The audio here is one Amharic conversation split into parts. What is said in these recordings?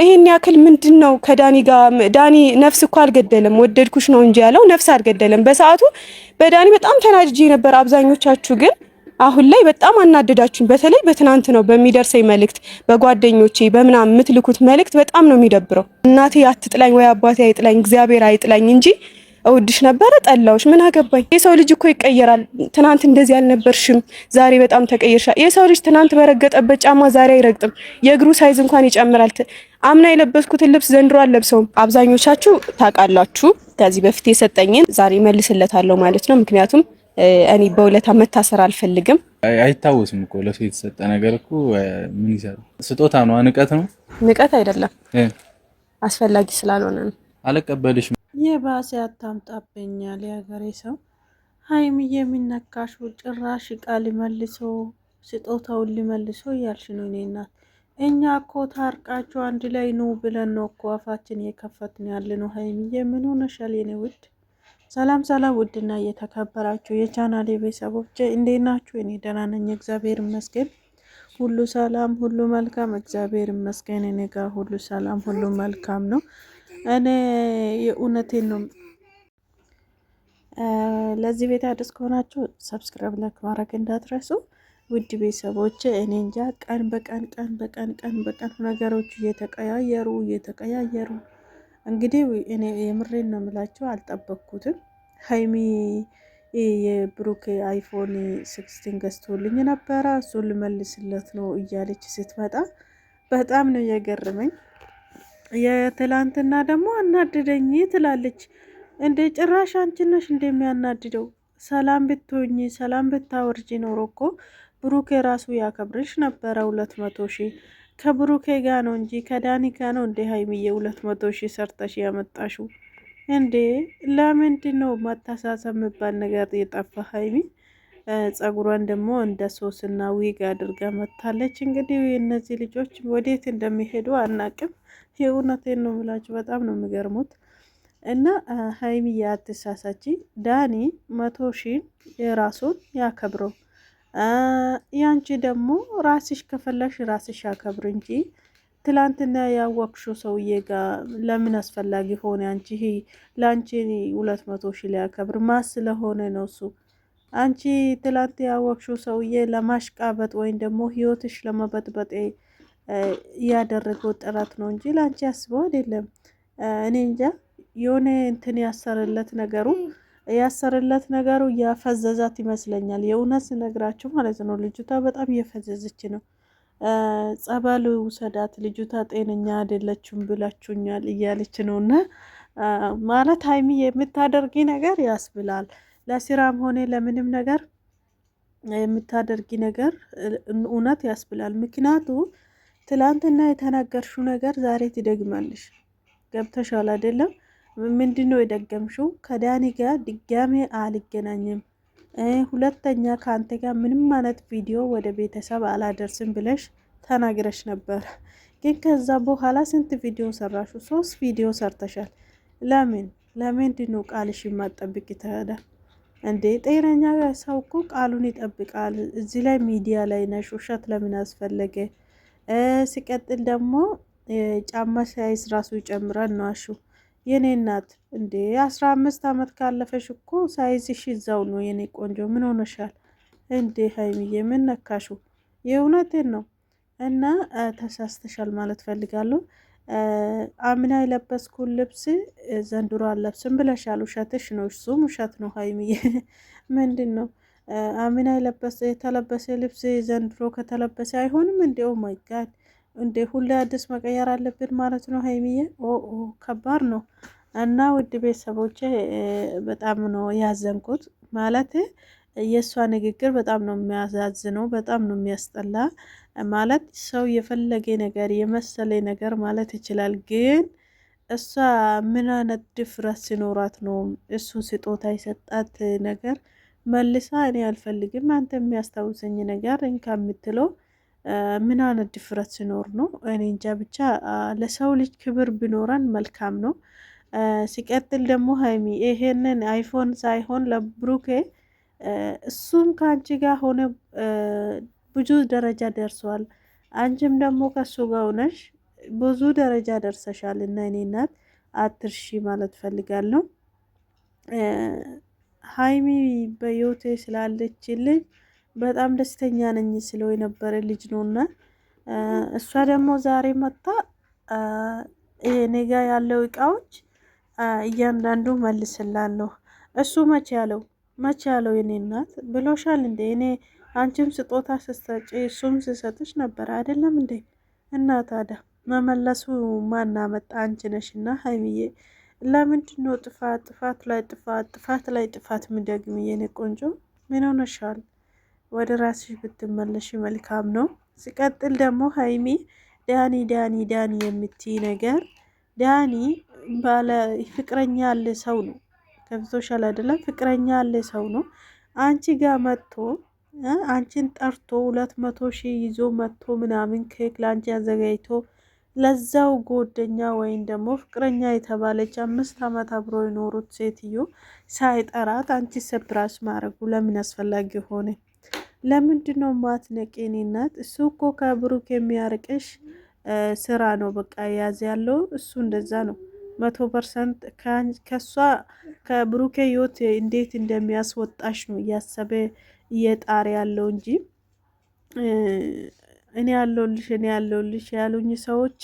ይሄን ያክል ምንድን ነው ከዳኒ ጋር? ዳኒ ነፍስ እኮ አልገደለም ወደድኩሽ ነው እንጂ ያለው ነፍስ አልገደለም። በሰዓቱ በዳኒ በጣም ተናድጄ ነበር። አብዛኞቻችሁ ግን አሁን ላይ በጣም አናደዳችሁኝ። በተለይ በትናንት ነው በሚደርሰኝ መልእክት፣ በጓደኞቼ በምናምን የምትልኩት መልእክት በጣም ነው የሚደብረው። እናቴ አትጥላኝ ወይ አባቴ አይጥላኝ እግዚአብሔር አይጥላኝ እንጂ እውድሽ ነበረ ጠላውሽ፣ ምን አገባኝ። የሰው ልጅ እኮ ይቀየራል። ትናንት እንደዚህ አልነበርሽም፣ ዛሬ በጣም ተቀየርሻ የሰው ልጅ ትናንት በረገጠበት ጫማ ዛሬ አይረግጥም። የእግሩ ሳይዝ እንኳን ይጨምራል። አምና የለበስኩትን ልብስ ዘንድሮ አለብሰውም አብዛኞቻችሁ ታውቃላችሁ። ከዚህ በፊት የሰጠኝን ዛሬ መልስለታለሁ ማለት ነው። ምክንያቱም እኔ በውለታ መታሰር አልፈልግም። አይታወስም እኮ ለሰው የተሰጠ ነገር እኮ ምን ይሰራል? ስጦታ ነው፣ ንቀት ነው። ንቀት አይደለም፣ አስፈላጊ ስላልሆነ ነው። አልቀበልሽም የባሰ ያታምጣብኛል የሀገሬ ሰው። ሀይሚዬ የሚነካሽ ጭራሽ እቃ ሊመልሶ ስጦታውን ሊመልሶ እያልሽ ነው። እኔ እናት እኛ እኮ ታርቃችሁ አንድ ላይ ኑ ብለን ነው እኮ አፋችን የከፈትን ያለ ነው። ሀይሚዬ ምን ሆነሻል የኔ ውድ? ሰላም ሰላም፣ ውድና እየተከበራችሁ የቻናሌ ቤተሰቦች እንዴት ናችሁ? እኔ ደህና ነኝ፣ እግዚአብሔር ይመስገን። ሁሉ ሰላም፣ ሁሉ መልካም፣ እግዚአብሔር ይመስገን። እኔ ጋር ሁሉ ሰላም፣ ሁሉ መልካም ነው። እኔ የእውነቴን ነው። ለዚህ ቤት አዲስ ከሆናችሁ ሰብስክራይብ፣ ላይክ ማድረግ እንዳትረሱ ውድ ቤተሰቦች። እኔ እንጃ ቀን በቀን ቀን በቀን ቀን በቀን ነገሮች እየተቀያየሩ እየተቀያየሩ እንግዲህ እኔ የምሬን ነው ምላቸው አልጠበቅኩትም። ሀይሚ የብሩክ አይፎን ስክስቲን ገዝቶልኝ ነበረ እሱን ልመልስለት ነው እያለች ስትመጣ በጣም ነው የገረመኝ። የትላንትና ደግሞ አናድደኝ ትላለች። እንደ ጭራሽ አንቺ ነሽ እንደሚያናድደው። ሰላም ብትሆኝ ሰላም ብታወርጂ ኖሮ እኮ ብሩኬ ራሱ ያከብርሽ ነበረ። ሁለት መቶ ሺ ከብሩኬ ጋ ነው እንጂ ከዳኒ ጋ ነው እንዴ ሀይሚዬ ሁለት መቶ ሺ ሰርተሽ ያመጣሹ እንዴ? ለምንድ ነው መተሳሰብ የሚባል ነገር የጠፋ? ሀይሚ ጸጉሯን ደግሞ እንደ ሶስና ዊግ አድርጋ መታለች። እንግዲህ እነዚህ ልጆች ወዴት እንደሚሄዱ አናቅም። የእውነቴን ነው ምላችሁ፣ በጣም ነው የሚገርሙት። እና ሀይሚ የአትሳሳች ዳኒ መቶ ሺን የራሱን ያከብረው ያንቺ ደግሞ ራስሽ ከፈለሽ ራስሽ ያከብር እንጂ ትላንትና ያወቅሹ ሰውዬ ጋር ለምን አስፈላጊ ሆነ? አንቺ ይሄ ለአንቺ ሁለት መቶ ሺ ሊያከብር ማ ስለሆነ ነው እሱ። አንቺ ትላንት ያወቅሹ ሰውዬ ለማሽቃበጥ ወይም ደግሞ ህይወትሽ ለመበጥበጤ ያደረገው ጥረት ነው እንጂ ለአንቺ ያስበው አይደለም። እኔ እንጃ የሆነ እንትን ያሰረለት ነገሩ ያሰረለት ነገሩ ያፈዘዛት ይመስለኛል። የእውነት ስነግራቸው ማለት ነው። ልጅቷ በጣም እየፈዘዘች ነው። ጸበል ውሰዳት ልጅቷ ጤነኛ አይደለችም ብላችሁኛል እያለች ነው። እና ማለት ሀይሚ የምታደርጊ ነገር ያስብላል። ለስራም ሆነ ለምንም ነገር የምታደርጊ ነገር እውነት ያስብላል። ምክንያቱ ትላንትና የተናገርሽው ነገር ዛሬ ትደግማለሽ። ገብተሻል አይደለም? ምንድን ነው የደገምሽው? ከዳኒ ጋር ድጋሜ አልገናኝም፣ ሁለተኛ ከአንተ ጋር ምንም አይነት ቪዲዮ ወደ ቤተሰብ አላደርስም ብለሽ ተናግረሽ ነበር። ግን ከዛ በኋላ ስንት ቪዲዮ ሰራሹ? ሶስት ቪዲዮ ሰርተሻል። ለምን ለምንድን ነው ቃልሽ የማጠብቅ ታዲያ? እንዴ ጤነኛ ሰው እኮ ቃሉን ይጠብቃል። እዚህ ላይ ሚዲያ ላይ ነሽ፣ ውሸት ለምን አስፈለገ? ሲቀጥል ደግሞ ጫማ ሳይዝ ራሱ ይጨምራል ነው አሹ። የኔ እናት እንዴ አስራ አምስት አመት ካለፈሽ እኮ ሳይዝሽ እዛው ነው የኔ ቆንጆ። ምን ሆነሻል እንዴ ሀይሚዬ? ምን ነካሹ? የእውነቴን ነው እና ተሳስተሻል ማለት ፈልጋለሁ። አምና የለበስኩን ልብስ ዘንድሮ አለብስም ብለሻል። ውሸትሽ ነው፣ እሱም ውሸት ነው ሀይሚዬ። ምንድን ነው አሚና የለበሰ የተለበሰ ልብስ ዘንድሮ ከተለበሰ አይሆንም። እንዲው ማይጋድ እንዴ ሁሌ አዲስ መቀየር አለብን ማለት ነው። ሀይሚዬ ኦ ከባድ ነው። እና ውድ ቤተሰቦች በጣም ነው ያዘንኩት ማለት የእሷ ንግግር በጣም ነው የሚያዛዝነው፣ በጣም ነው የሚያስጠላ ማለት ሰው የፈለገ ነገር የመሰለ ነገር ማለት ይችላል። ግን እሷ ምን አይነት ድፍረት ሲኖራት ነው እሱ ስጦታ የሰጣት ነገር መልሳ እኔ አልፈልግም አንተ የሚያስታውሰኝ ነገር የምትለው ምን አይነት ድፍረት ሲኖር ነው? እኔ እንጃ ብቻ ለሰው ልጅ ክብር ቢኖረን መልካም ነው። ሲቀጥል ደግሞ ሀይሚ ይሄንን አይፎን ሳይሆን ለብሩኬ እሱም ከአንቺ ጋር ሆነ ብዙ ደረጃ ደርሷል። አንቺም ደግሞ ከሱ ጋር ሆነሽ ብዙ ደረጃ ደርሰሻል እና እኔ እናት አትርሺ ማለት ፈልጋለሁ። ሀይሚ በህይወቴ ስላለችልኝ በጣም ደስተኛ ነኝ ስለው የነበረ ልጅ ነውና እሷ ደግሞ ዛሬ መጣ እኔ ጋ ያለው እቃዎች እያንዳንዱ መልስላለሁ። እሱ መቼ ያለው መቼ ያለው የኔ እናት ብሎሻል እንዴ? እኔ አንቺም ስጦታ ስሰጭ እሱም ስሰጥሽ ነበር አይደለም እንዴ? እና ታዲያ መመለሱ ማና መጣ አንቺ ነሽና ሀይሚዬ ለምንድን ነው ጥፋት ጥፋት ላይ ጥፋት ጥፋት ላይ ጥፋት ምደግም? የኔ ቆንጆ ምን ሆነሻል? ወደ ራስሽ ብትመለሽ መልካም ነው። ሲቀጥል ደግሞ ሀይሚ ዳኒ ዳኒ ዳኒ የምትይ ነገር ዳኒ ባለ ፍቅረኛ ያለ ሰው ነው። ገብቶሻል አይደለም? ፍቅረኛ ያለ ሰው ነው። አንቺ ጋር መጥቶ አንቺን ጠርቶ ሁለት መቶ ሺህ ይዞ መጥቶ ምናምን ኬክ ለአንቺ አዘጋጅቶ ለዛው ጎደኛ ወይም ደግሞ ፍቅረኛ የተባለች አምስት ዓመት አብሮ የኖሩት ሴትዮ ሳይጠራት አንቺ ሰፕራሽ ማድረጉ ለምን አስፈላጊ ሆነ? ለምንድን ነው ማትነቂ? እኔ እናት እሱ እኮ ከብሩክ የሚያርቅሽ ስራ ነው በቃ የያዝ ያለው እሱ እንደዛ ነው። መቶ ፐርሰንት ከእሷ ከብሩኬ ህይወት እንዴት እንደሚያስወጣሽ ነው እያሰበ እየጣር ያለው እንጂ እኔ ያለውልሽ እኔ ያለውልሽ ያሉኝ ሰዎች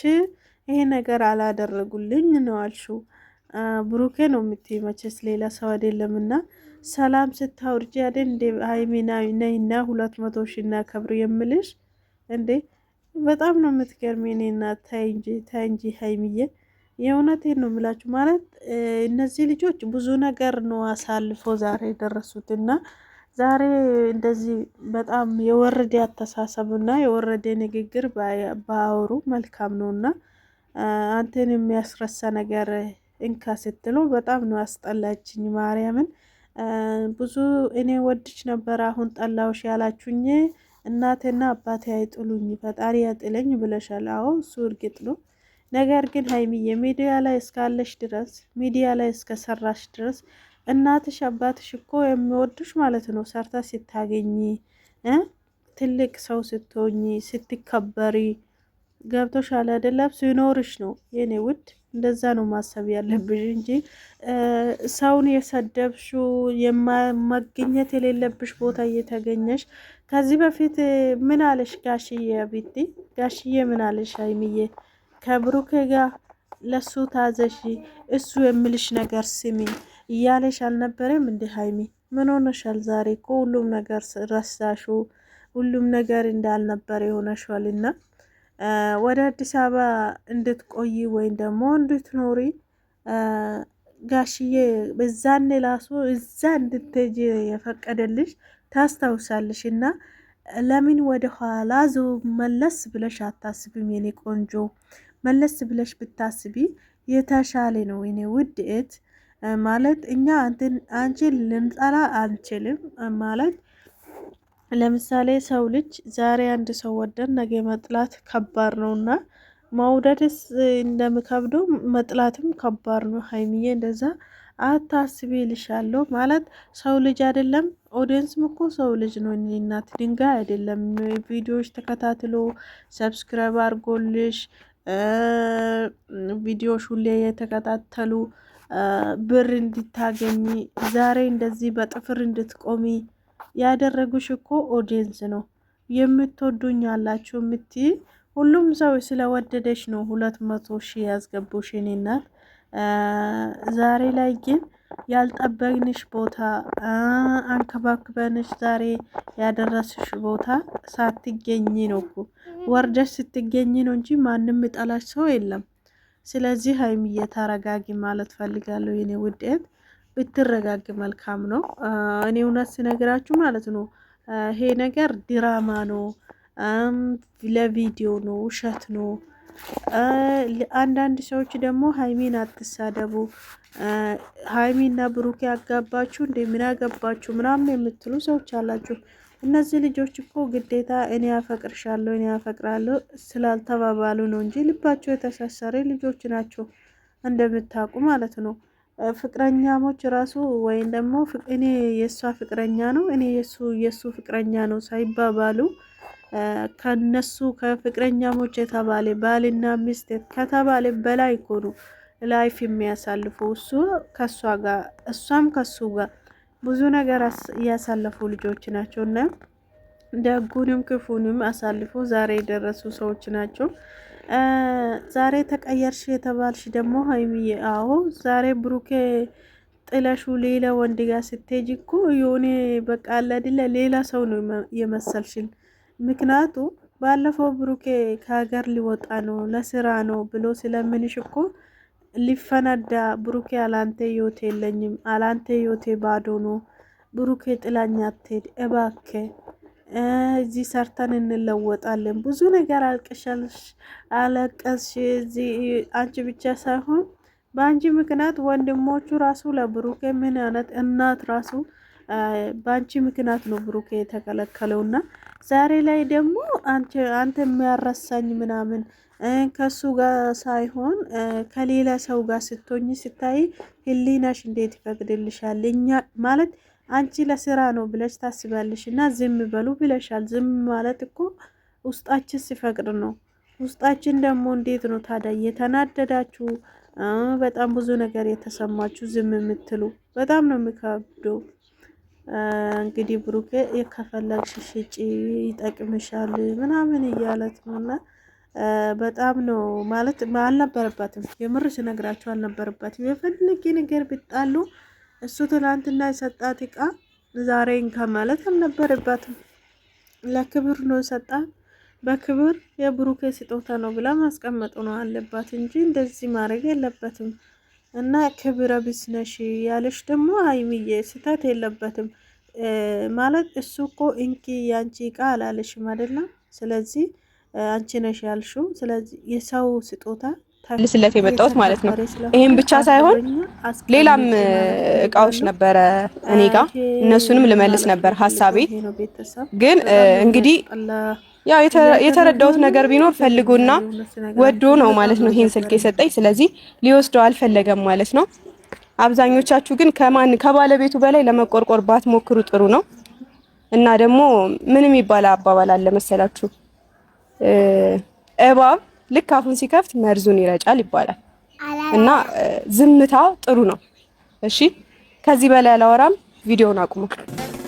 ይሄ ነገር አላደረጉልኝ ነው አልሽው። ብሩኬ ነው የምትይ መቼስ ሌላ ሰው እና ሰላም ስታውርጅ ያደ እንዴ ሀይሜና ነይና ሁለት መቶ ሺ እና ከብር የምልሽ እንዴ በጣም ነው የምትገርሜኔ እኔና ታይ እንጂ ታይ እንጂ ሀይሚዬ የእውነት ነው የምላችሁ ማለት እነዚህ ልጆች ብዙ ነገር ነው አሳልፎ ዛሬ የደረሱትና ዛሬ እንደዚህ በጣም የወረደ አተሳሰብና የወረደ ንግግር ባወሩ መልካም ነውና አንተን የሚያስረሳ ነገር እንካ ስትለው በጣም ነው አስጠላችኝ። ማርያምን ብዙ እኔ ወድች ነበር፣ አሁን ጠላውሽ ያላችሁኝ እናቴና አባቴ አይጥሉኝ ፈጣሪ ያጥለኝ ብለሻል። አዎ እሱ እርግጥ ነው። ነገር ግን ሀይሚዬ ሚዲያ ላይ እስካለሽ ድረስ ሚዲያ ላይ እስከሰራሽ ድረስ እናትሽ አባትሽ እኮ የሚወዱሽ ማለት ነው። ሰርታ ስታገኝ ትልቅ ሰው ስትሆኝ ስትከበሪ ገብቶሻል አይደለም? ሲኖርሽ ነው የኔ ውድ። እንደዛ ነው ማሰብ ያለብሽ እንጂ ሰውን የሰደብሹ መገኘት የሌለብሽ ቦታ እየተገኘሽ። ከዚህ በፊት ምን አለሽ ጋሽዬ? ቢቲ ጋሽዬ ምን አለሽ? አይምዬ ከብሩኬ ጋር ለሱ ታዘሽ እሱ የሚልሽ ነገር ስሚ እያለሽ አልነበረም እንደ ሀይሚ ምን ሆነሻል? ዛሬ እኮ ሁሉም ነገር ረሳሹ፣ ሁሉም ነገር እንዳልነበረ የሆነሻል። እና ወደ አዲስ አበባ እንድትቆይ ወይም ደግሞ እንድትኖሪ ጋሽዬ በዛኔ ላሱ እዛ እንድትጅ የፈቀደልሽ ታስታውሳለሽ። እና ለምን ወደ ኋላ ዞ መለስ ብለሽ አታስቢም? የኔ ቆንጆ መለስ ብለሽ ብታስቢ የተሻለ ነው። እኔ ውድ እህት ማለት እኛ አንቺን ልንጠላ አንችልም ማለት ለምሳሌ ሰው ልጅ ዛሬ አንድ ሰው ወደን ነገ መጥላት ከባድ ነውና መውደድስ እንደምከብደው መጥላትም ከባድ ነው። ሀይሚዬ እንደዛ አታስቢ ልሻለሁ ማለት ሰው ልጅ አይደለም። ኦዲየንስም እኮ ሰው ልጅ ነው። እናት ድንጋይ አይደለም። ቪዲዮዎች ተከታትሎ ሰብስክራይብ አርጎልሽ ቪዲዮዎች ሁሌ የተከታተሉ ብር እንድታገኝ ዛሬ እንደዚህ በጥፍር እንድትቆሚ ያደረጉሽ እኮ ኦዲየንስ ነው የምትወዱኝ አላችሁ የምት ሁሉም ሰው ስለወደደሽ ነው ሁለት መቶ ሺህ ያስገቡሽ የኔ እናት። ዛሬ ላይ ግን ያልጠበቅንሽ ቦታ አንከባክበንሽ ዛሬ ያደረስሽ ቦታ ሳትገኝ ነው እኮ ወርደሽ ስትገኝ ነው እንጂ ማንም ጠላሽ ሰው የለም። ስለዚህ ሀይሚዬ ተረጋጊ ማለት ፈልጋለሁ። የኔ ውድት ብትረጋግ መልካም ነው። እኔ እውነት ስነግራችሁ ማለት ነው ይሄ ነገር ድራማ ነው፣ ለቪዲዮ ነው፣ ውሸት ነው። አንዳንድ ሰዎች ደግሞ ሀይሚን አትሳደቡ፣ ሀይሚና ብሩኬ ያጋባችሁ እንደ ምን ያገባችሁ ምናምን የምትሉ ሰዎች አላችሁ። እነዚህ ልጆች እኮ ግዴታ እኔ አፈቅርሻለሁ እኔ አፈቅራለሁ ስላልተባባሉ ነው እንጂ ልባቸው የተሳሰረ ልጆች ናቸው እንደምታውቁ ማለት ነው። ፍቅረኛሞች ራሱ ወይም ደግሞ እኔ የእሷ ፍቅረኛ ነው እኔ የሱ የእሱ ፍቅረኛ ነው ሳይባባሉ ከነሱ ከፍቅረኛሞች የተባለ ባልና ሚስት ከተባለ በላይ እኮ ላይፍ የሚያሳልፉ እሱ ከእሷ ጋር እሷም ከሱ ጋር ብዙ ነገር ያሳለፉ ልጆች ናቸው እና ደጉንም ክፉንም አሳልፎ ዛሬ የደረሱ ሰዎች ናቸው። ዛሬ ተቀየርሽ የተባልሽ ደግሞ ሀይሚዬ፣ አዎ ዛሬ ብሩኬ ጥለሹ ሌላ ወንድ ጋር ስትሄጂ እኮ የሆነ በቃ አለድለ ሌላ ሰው ነው የመሰልሽን። ምክንያቱ ባለፈው ብሩኬ ከሀገር ሊወጣ ነው ለስራ ነው ብሎ ስለምንሽ እኮ ሊፈነዳ ብሩኬ አላንተ ዮቴ የለኝም፣ አላንተ ህይወቴ ባዶ ነው፣ ብሩኬ ጥላኛ አትሄድ እባከ፣ እዚህ ሰርተን እንለወጣለን። ብዙ ነገር አልቅሻልሽ አለቀስሽ። እዚህ አንቺ ብቻ ሳይሆን በአንቺ ምክንያት ወንድሞቹ ራሱ ለብሩኬ ምን አይነት እናት ራሱ በአንቺ ምክንያት ነው ብሩኬ እና ዛሬ ላይ ደግሞ አንተ የሚያረሳኝ ምናምን ከሱ ጋር ሳይሆን ከሌላ ሰው ጋር ስትሆኝ ስታይ ህሊናሽ እንዴት ይፈቅድልሻል? እኛ ማለት አንቺ ለስራ ነው ብለሽ ታስባለሽ እና ዝም በሉ ብለሻል። ዝም ማለት እኮ ውስጣችን ሲፈቅድ ነው። ውስጣችን ደግሞ እንዴት ነው ታዲያ? እየተናደዳችሁ በጣም ብዙ ነገር የተሰማችሁ ዝም የምትሉ በጣም ነው የሚከብደው። እንግዲህ ብሩኬ ከፈለግሽ ሽጪ ይጠቅምሻል ምናምን እያለት ነውና በጣም ነው ማለት አልነበረባትም የምር ስነግራቸው አልነበረበትም። የፈልጊ ነገር ቢጣሉ እሱ ትላንትና የሰጣት እቃ ዛሬ እንካ ማለት ለክብር ነው የሰጣት በክብር የብሩኬ ስጦታ ነው ብላ ማስቀመጡ ነው አለባት እንጂ እንደዚህ ማድረግ የለበትም። እና ክብረ ቢስ ነሽ ያለሽ ደግሞ ሀይሚዬ ስህተት የለበትም ማለት እሱ እኮ እንኪ ያንቺ እቃ አላለሽም አይደለም። ስለዚህ አንቺ ነሽ ያልሽው። ስለዚህ የሰው ስጦታ ልስለት የመጣሁት ማለት ነው። ይሄን ብቻ ሳይሆን ሌላም እቃዎች ነበረ እኔ ጋ እነሱንም ልመልስ ነበር ሀሳቤ ግን እንግዲህ ያው የተረዳሁት ነገር ቢኖር ፈልጎና ወዶ ነው ማለት ነው ይሄን ስልክ የሰጠኝ። ስለዚህ ሊወስደው አልፈለገም ማለት ነው። አብዛኞቻችሁ ግን ከማን ከባለቤቱ በላይ ለመቆርቆር ባትሞክሩ ጥሩ ነው። እና ደግሞ ምንም የሚባል አባባል አለ መሰላችሁ፣ እባብ ልክ አፉን ሲከፍት መርዙን ይረጫል ይባላል። እና ዝምታ ጥሩ ነው። እሺ፣ ከዚህ በላይ አላወራም። ቪዲዮውን አቁሙ።